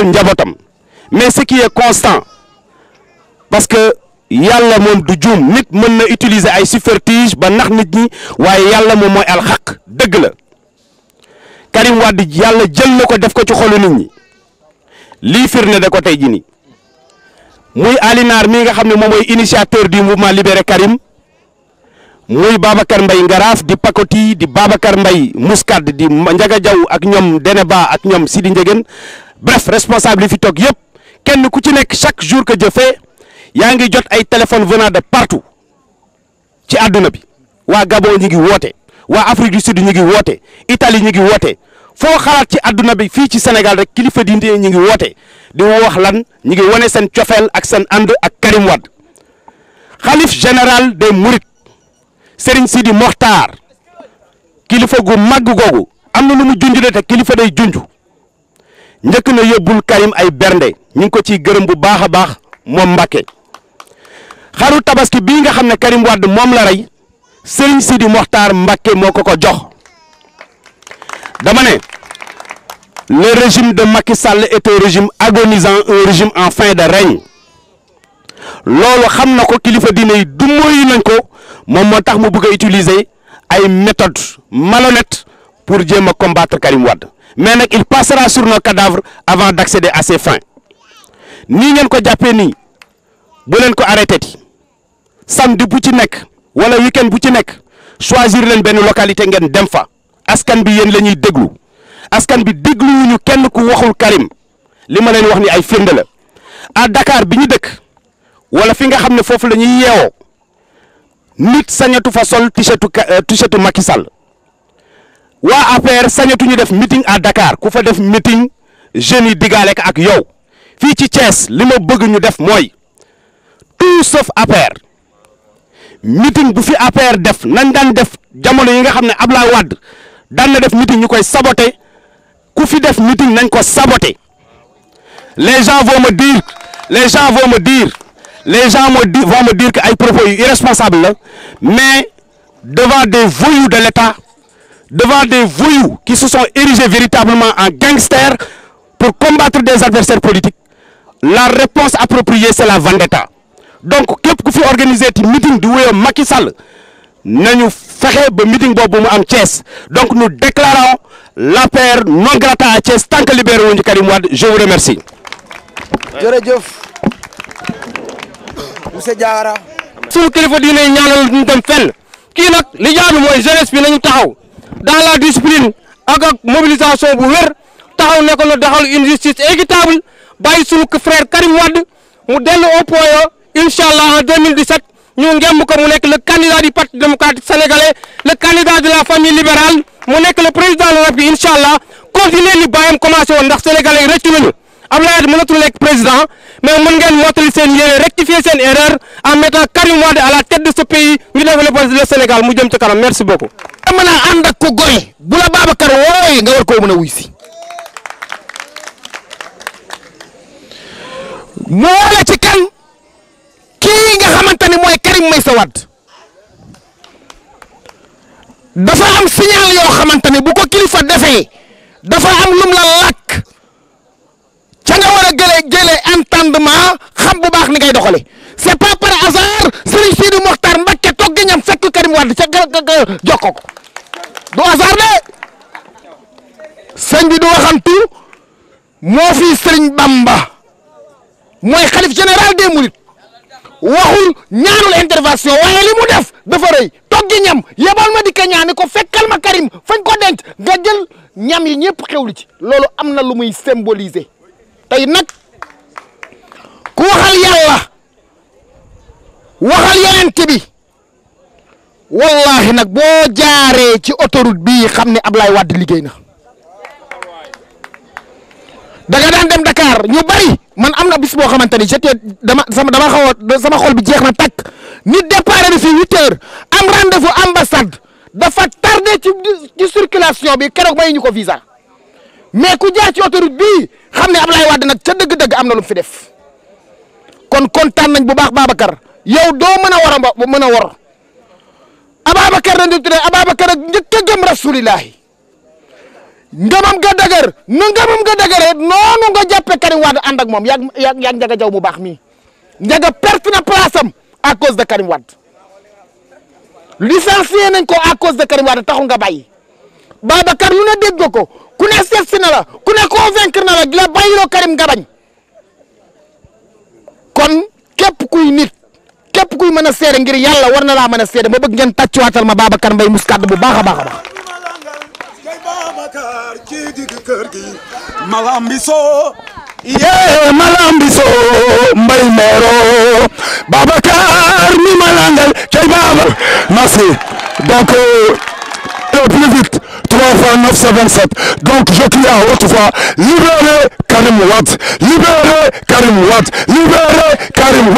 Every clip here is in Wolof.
taxawal njabootam mais ce qui est constant parce que yàlla moom du juum nit mën na utiliser ay subterfuge ba nax nit ñi waaye yàlla moom mooy alxaq dëgg la Karim Wade yàlla jël na ko def ko ci xolu nit ñi lii firnde da ko tey ji nii muy Alinaar mii nga xam ne moom mooy initiateur du mouvement libéré Karim. muy Babacar Mbaye Ngaraaf di Pakoti di Babacar mbay Muscade di Njaga Jaw ak ñoom Deneba ak ñoom Sidi Njegen bref responsable yi fi toog yëpp kenn ku ci nekk chaque jour que Dieu yaa ngi jot ay téléphone venant de partout ci àdduna bi waa Gabon ñi ngi woote waa Afrique du Sud ñi ngi woote itali ñi ngi woote foo xalaat ci àdduna bi fii ci senegal rek kilifa diine ñi ngi woote di wax lan ñi ngi wone seen cofeel ak seen ànd ak Karim Wade xalif général des Mourides Serigne Sidi Mokhtar kilifa gu màgg googu am na lu mu junj de te kilifa day junj njëkk na yóbbul Karim ay bernde ñu ngi ko ciy gërëm bu baax a baax moom Mbacke xaru tabaski bi nga xam ne Karim Wade moom la rey Serigne Sidi Mokhtar Mbacke moo ko ko jox dama ne le régime de Macky Sall est un agonisant un régime en fin de règne loolu xam na ko kilifa diine yi du mooy nañ ko. moom moo tax mu bëgg utiliser ay méthodes malhonnêtes pour jéem a combattre Karim Wade mais nag il passera sur nos cadavres avant d' accéder à ses fins nii ngeen ko jàppee nii bu leen ko arrêté ti samedi bu ci nekk wala weekend bu ci nekk choisir leen benn localité ngeen dem fa askan bi yéen la ñuy déglu askan bi dégluwuñu kenn ku waxul Karim li ma leen wax ni ay firnde la à Dakar bi ñu dëkk wala fi nga xam ne foofu lañuy ñuy yeewoo. nit sañatu fa sol t-shirt euh, Sall waa APR sañatuñu def mitin à Dakar ku fa def meeting jeunes yi digaale ak yow fii ci Thiès li ma bëgg ñu def mooy tout sauf APR meeting bu fi APR def nañ daan def jamono yi nga xam ne Ablaye Wade daan na def meeting ñu koy saboté ku fi def meeting nañ ko saboté les gens vont me dire les gens vont les gens me di vont me dire que ay propos yu irresponsable la mais devant des voyous de l'État devant des voyous qui se sont érigés véritablement en gangsters pour combattre des adversaires politiques la réponse appropriée c'est la vendetta donc képp ku fi organiser ti meeting di wuyoo Macky Sall nañu fexe ba meeting boobu mu am Thiès donc nous déclarons l'APR non grata à Thiès tant que libéré wuñu Karim Wade je vous remercie monsieur Diawara. suñu kilifa diine yi ñaanal ñu dem kii nag li jaadu mooy jeunesse bi nañu taxaw dans la discipline ak ak mobilisation bu wér taxaw ne ko na daxal une justice équitable bàyyi suñu frère Karim Wade mu dellu au point e, incha allah en 2017 ñu ngemb ko mu nekk le candidat du parti démocratique sénégalais le candidat de la famille libérale mu nekk le président la République incha allah continuer li bàyyam commencé ndax sénégalais yi rëccu Abdoulaye Wade mënatul nekk président mais mën ngeen mottali seen yéene rectifier seen erreur en mettant Karim Wade à la tête de ce mu jëm ci merci beaucoup. nga a ànd ak ko goy bu la Babacar wooyee nga war koo mën a wuy si. mu wala ci kan kii nga xamante mooy Karim Meïssa Wade dafa am signal yoo xamante bu ko kilifa defee dafa am lum la laaj. rendement xam bu baax ni ngay doxale c'est pas par hasard Serigne Sidi Mokhtar Mbacké toog ñam fekk Karim Wade ca jokko ko du hasard de sëñ bi du waxantu moo fi Serigne Bamba mooy xalif général des mourides waxul ñaanul intervention waaye li mu def dafa rëy toggi ñam yebal ma di ka ñaani ko fekkal ma Karim fañ ko denc nga jël ñam yi ñëpp xewlu ci loolu am na lu muy symboliser tey nag ku waxal yàlla waxal yonent bi wallahi nag boo jaaree ci autoroute bii xam ne Ablaye Wade liggéey na da nga daan dem Dakar ñu bari man am na bis boo xamante ni dama sama dama xaw sama xol bi jeex na takk nit départ bi fi huit am rendez-vous ambassade dafa tardé ci ci bi keroog may ñu ko visa mais ku jaar ci autoroute bi xam ne Ablaye Wade nag ca dëgg-dëgg am na lu fi def. kon kontaan nañ bu baax Babacar yow doo mën a war a mën a war Ababacar dañ di tuddee Ababacar ak njëkk a gëm rasulillahi dëgër nu ngamam nga dëgëree noonu nga jàppee Karim Wade ànd ak moom yaag yaag yaag Njaga Jaw bu baax mii Njaga perte na place am à cause Karim Wade licencié nañ ko à cause de Karim Wade taxu nga bàyyi Babacar lu ne dégg ko ku ne seet na la ku ne convaincre na la di la bàyyiloo Karim nga bañ kon képp kuy nit képp kuy mën a seede ngir yàlla war na laa mën a seede ma bëgg ngeen tàccuwaatal ma Babacar Mbaye Mouskade bu baax a baax a baax. yee malambiso mbay ma Babacar mi malangal cey baba merci donc euh, au plus 3977. Donc je crie à haute voix, libérez Karim Ouad, libérez Karim Ouad, libérez Karim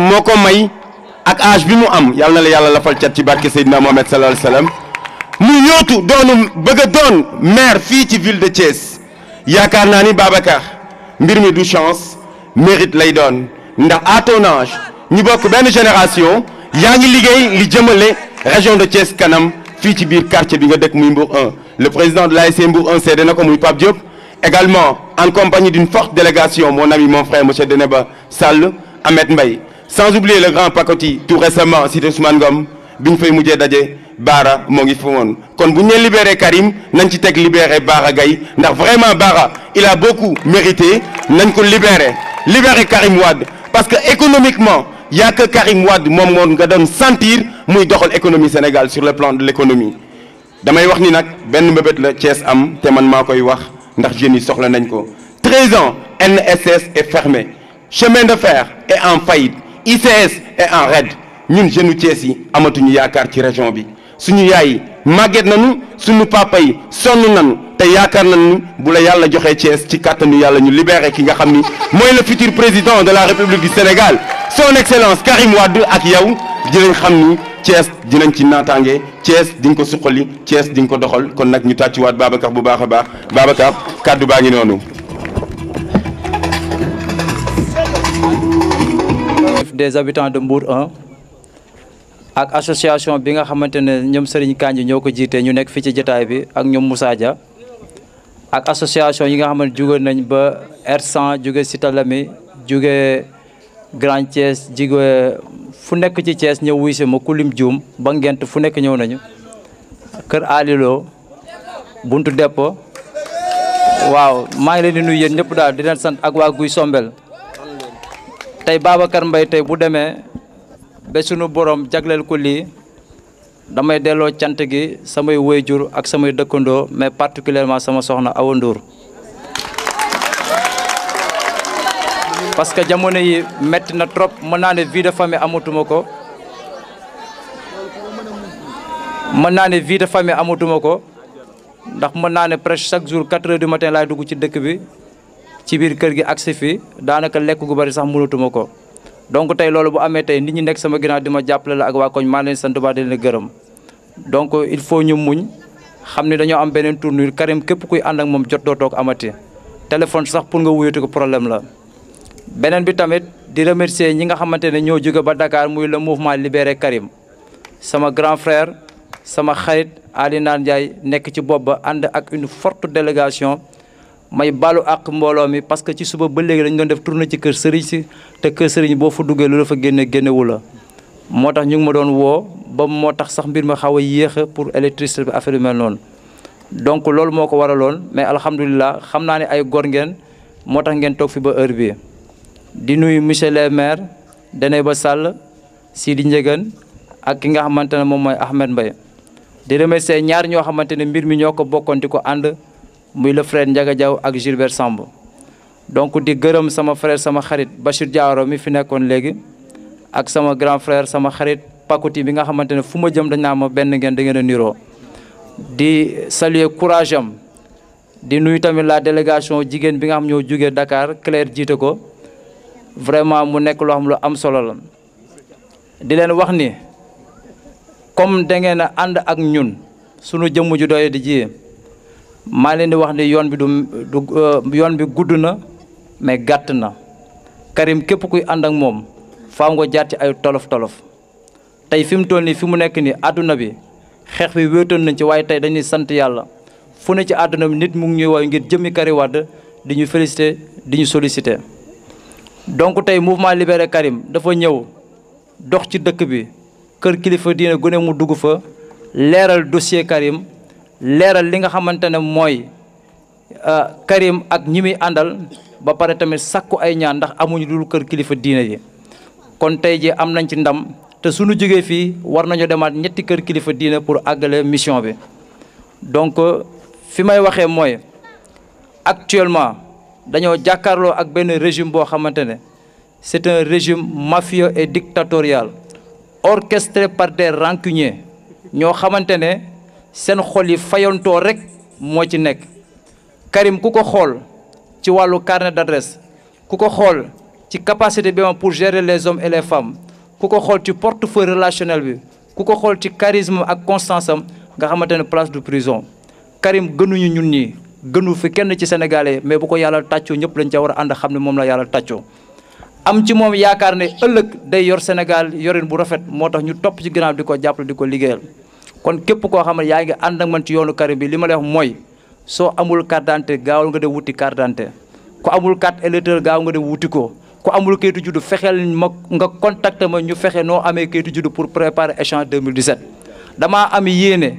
moo ko may ak âge bi mu am yàlla la yàlla lafal ci barke Seydina mu yootu doonu bëgg fii ci ville de Thiès yaakaar naa ni Babacar mbir mi du chance lay doon ndax à ton ñu bokk benn génération yaa ngi liggéey li jëmale région de Thiès kanam fii ci biir quartier bi nga dëkk muy Mbour 1 le président de l'ASC Mbour 1 seede na ko muy Pape Diop également en compagnie d'une forte délégation mon ami mon frère monsieur Deneba Sall Ahmed Mbaye sans oublier le grand pacoti tout récemment cité Ousmane Ngom bi ñu fay mujee daje Baara moo ngi fi woon kon bu ñu libéré Karim nañ ci teg libéré Baara Gaye ndax vraiment Baara il a beaucoup mérité nañ ko libéré libéré Karim Wade parce que économiquement y a que Karim Wade moom moom nga doon sentir muy doxal économie Sénégal sur le plan de l'économie damay wax ni nag benn mbébét la Thiès am te man maa koy wax ndax jeunes yi soxla nañ ko 13 ans NSS et fermé chemin de fer est en faillite ICS est en raid ñun jeunes Thiès yi amatuñu yaakaar ci région bi suñu yaay yi màgget nañu suñu papa yi sonn nañu te yaakaar nañu bu la yàlla joxe cees ci kàttanu yàlla ñu libéré ki nga xam ni mooy le futur président de la République du Sénégal son excellence Karim Wade ak yow dinañ xam ni Thiès dinañ ci naataange Thiès di nga ko suqali Thiès di ko doxal kon nag ñu tàccuwaat Babacar bu baax a baax Babacar kàddu baa ngi noonu. des habitants de Mbour 1 ak association bi nga xamante ne ñoom Serigne yi ñoo ko jiite ñu nekk fii ci jataay bi ak ñoom Moussa Dia ak association yi nga xam ne jóge nañ ba Ersan jóge Cité Lamy jóge Grand Thiès jóge fu nekk ci Thiès ñëw wuy si ma kulim juum ba ngent fu nekk ñëw nañu kër Alilo bunt dépôt waaw maa ngi leen di nuyu yéen ñëpp daal di leen sant ak waa Guy Sombel tey Babacar Mbaye tey bu demee ba sunu borom jagleel ko lii damay delloo cant gi samay wayjur ak samay dëkkandoo mais particulièrement sama soxna Awa Ndour parce que jamono yi metti na trop mën naa ne vie de famille amatuma ko mën naa ne vie de famille amatuma ko ndax mën naa ne presque chaque jour quatre heures du matin laay dugg ci dëkk bi ci biir kër gi agsi fii daanaka lekk gu bari sax munatuma ko donc tey loolu bu amee tey nit ñi nekk sama ginnaaw di ma jàppale la ak waa koñ maa leen sant baa di gërëm donc il faut ñu muñ xam ne dañoo am beneen tournure Karim képp kuy ànd ak moom jot doo toog amati téléphone sax pour nga wuyatu ko problème la. beneen bi tamit di remercier ñi nga xamante ne ñoo jóge ba Dakar muy le mouvement libéré Karim sama grand frère sama xarit Ali Naan Ndiaye nekk ci bopp ba ànd ak une forte délégation. may baalu àq mbooloo mi parce que ci suba ba léegi dañ doon def tournée ci kër sëriñ si te kër sëriñ boo fa duggee lu la fa génne génnewu la moo tax ñu ngi ma doon woo ba moo tax sax mbir ma xaw a yéex pour électricité bi affaire yu mel noonu donc loolu moo ko waraloon mais alhamdulilah xam naa ne ay góor ngeen moo tax ngeen toog fi ba heure bi di nuyu monsieur le maire Dene Ba sàll sii di Ndiégane ak ki nga xamante ne moom mooy Ahmed Mbaye di remercier ñaar ñoo xamante ne mbir mi ñoo ko bokkoon ko ànd muy le frère Ndiaga Diaw ak Gilbert Samb donc di gërëm sama frère sama xarit Bachir Diawara mi fi nekkoon léegi ak sama grand frère sama xarit Pakoti bi nga xamante ne fu ma jëm dañ naa ma benn ngeen da ngeen a niroo di saluer courage di nuyu tamit la délégation jigéen bi nga xam ñoo jugee Dakar Claire jiite ko vraiment mu nekk loo xam lu am solo la di leen wax ni comme dangeen a ànd ak ñun sunu jëmm ju doy di jiyee maa leen di wax ne yoon bi du du euh, yoon bi gudd na mais gàtt na Karim képp kuy ànd ak moom fa nga jaar ci ay tolof tolof tey fi mu toll nii fi mu nekk nii àdduna bi xeex bi wéetoon nañ ci waaye tey dañuy sant yàlla fu ne ci àdduna bi nit mu ngi ñuy woy ngir jëmmi Karim wadd di ñu félicité di ñu sollicité donc tey mouvement libéré Karim dafa ñëw dox ci dëkk bi kër kilifa diine gune mu dugg fa leeral dossier Karim leeral li nga xamante ne mooy euh, Karim ak ñi muy àndal ba pare tamit sakku ay ñaan ndax amuñu dul kër kilifa diine yi kon tey ji am nañ ci ndam te suñu jógee fii war nañu demaat ñetti kër kilifa diine pour àggale mission bi donc euh, fi may waxee mooy actuellement dañoo jàkkaarloo ak benn régime boo xamante ne c'est un régime mafieux et dictatorial orchestré par des rancuniers ñoo xamante ne seen xool yi fayontoo rek moo ci nekk Karim ku ko xool ci wàllu carnet d'adresse ku ko xool ci capacité bi pour gérer les hommes et les femmes ku ko xool ci portefeuille relationnel bi ku ko xool ci charisme ak constance am nga xamante ne place de prison Karim gënuñu ñun ñii gënu fi kenn ci sénégalais mais bu ko yàlla tàccoo ñëpp lañ ca war a ànd xam ne moom la yàlla tàccoo am ci moom yaakaar ne ëllëg day yor Sénégal yorin bu rafet moo tax ñu topp ci ginnaaw di ko jàppale di ko liggéeyal kon képp koo xam ne yaa ngi ànd ak man ci yoonu Karim bi li ma lay mooy soo amul carte d'identité gaawal nga dem wuti carte d'identité ku amul carte électeur gaaw nga dem wuti ko ku amul kayitu juddu fexeel ma nga contacté ma ñu fexe noo amee kayitu juddu pour préparer échange 2017 damaa am yéene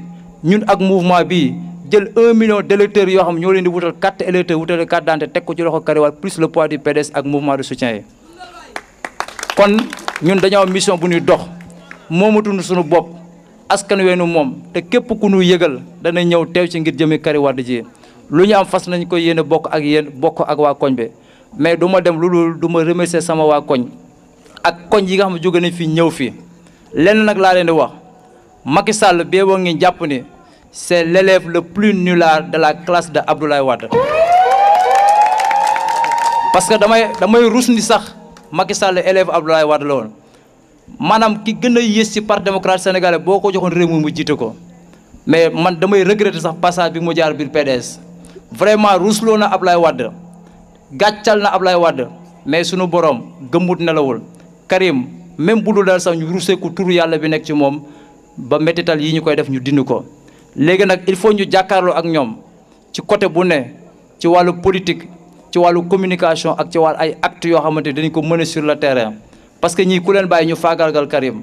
ñun ak mouvement bi jël un million d'électeurs yoo xam ñoo leen di wutal carte électeur wutal carte d'identité teg ko ci loxo Karim Wade plus le poids du PDS ak mouvement de soutien yi kon ñun dañoo am bu ñuy dox moomatuñu suñu bopp askan weenu moom te képp ku nu yëgal dana ñëw teew ci ngir jëmi Karim Wade ji lu ñu am fas nañu ko yéene bokk ak yéen bokk ak waa koñ bi mais duma dem lu dul du ma remercier sama waa koñ ak koñ yi nga xam ne jóge nañ fi ñëw fii lenn nag laa leen di wax Macky Sall bee boo ngi jàpp ni c'est l'élève le plus nulard de la classe de Abdoulaye Wade parce que damay damay rus ni sax Macky Sall élève Abdoulaye Wade la woon maanaam ki gën a yées ci parti démocrate sénégalais boo ko joxoon réew mi mu jiite ko mais man damay regretter sax passage bi mu jaar biir PDS vraiment rusloo na Ablaye wadd gàccal na Ablaye wadd mais sunu borom gëmmut nelawul Karim même bu dul daal sax ñu rusee ko turu yàlla bi nekk ci moom ba métital yi ñu koy def ñu dind ko léegi nag il faut ñu jàkkaarloo ak ñoom ci côté bu ne ci wàllu politique ci wàllu communication ak ci wàllu ay act yoo xamante dañ ko mener sur le terrain parce que ñii ku leen bàyyi ñu faagaagal Karim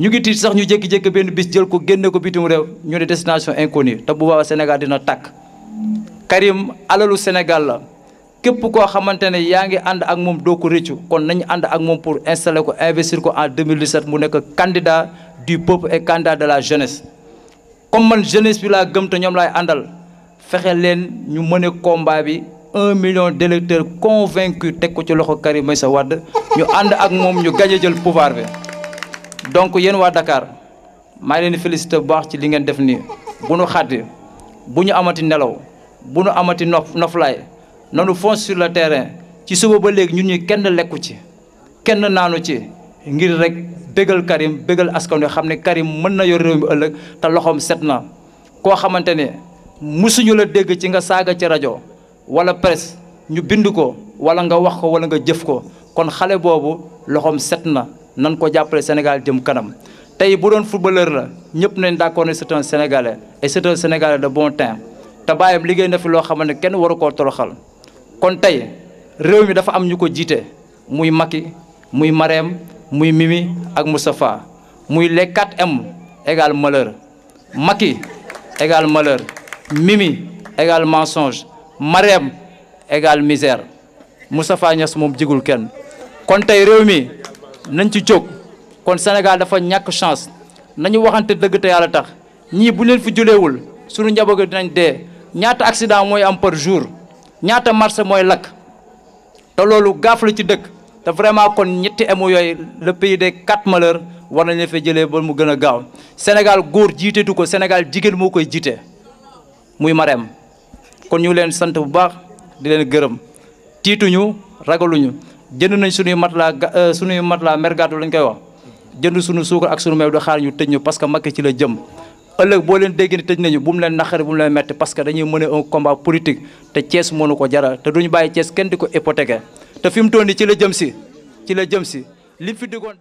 ñu ngi tiit sax ñu jékki-jékki benn bis jël ko génne ko bitim réew ñu ne destination inconnue te bu boobaa Sénégal dina tàkk Karim alalu Sénégal la képp koo xamante ne yaa ngi ànd ak moom doo ko rëccu kon nañu ànd ak moom pour installer ko investir ko en 2017 mu nekk candidat du peuple et candidat de la jeunesse comme man jeunesse bi laa gëm te ñoom laay àndal fexe leen ñu mëne a combat bi un million d'électeurs convaincus teg ko ci loxo Karim sa Wade ñu ànd ak moom ñu gaje jël pouvoir bi donc yéen waa Dakar maa leen di félicité bu baax ci li ngeen def nii bu nu xàddi bu ñu amati nelaw bu nu amati nof noflaay nanu fonce sur le terrain ci suba ba léegi ñun ñi kenn lekku ci kenn naanu ci ngir rek bégal Karim bégal askan wi xam ne kari mën na yor réew mi ëllëg te loxoom set na koo xamante ne musuñu la dégg ci nga saaga ci rajo wala presse ñu bind ko wala nga wax ko wala nga jëf ko kon xale boobu loxoom set na nan ko jàppale Sénégal jëm kanam tey bu doon footballeur la ñëpp nañ d'accord ne c'est un sénégalais et c'est un sénégalais de bon temps te baayam liggéey na fi loo xamante ne kenn waru ko toroxal kon tey réew mi dafa am ñu ko jiite muy Macky muy Marème muy Mimi ak Moustapha muy les 4M égale malheur Macky égale malheur Mimi égale mensonge Marème égal misère Moustapha Niass moom jigul kenn kon tey réew mi nañ ci jóg kon Sénégal dafa ñàkk chance nañu waxante dëgg te yàlla tax ñii bu leen fi juleewul suñu njaboot gi dinañ dee ñaata accident mooy am par jour ñaata marché mooy lakk te loolu gaaf la ci dëkk te vraiment kon ñetti emu yooyu le pays des quatre malheurs war nañ fee fa jëlee ba mu gën a gaaw Sénégal góor jiitetu ko Sénégal jigéen moo koy jiite muy Marème kon ñu leen sant bu baax di leen gërëm tiituñu ragaluñu jënd nañ mat matelas ga mat euh, matelas mergaatu lañ koy wax jënd suñu suukar ak suñu meew di xaar ñu tëj ñu parce que Macky ci la jëm ëllëg boo leen dégg ni tëj nañu bu mu leen naqari bu mu leen metti parce que dañuy mener un combat politique te Thiès mënu ko jaral te duñu bàyyi cees kenn di ko hypothéquer te fi mu toll nii ci la jëm si ci la jëm si li fi digoon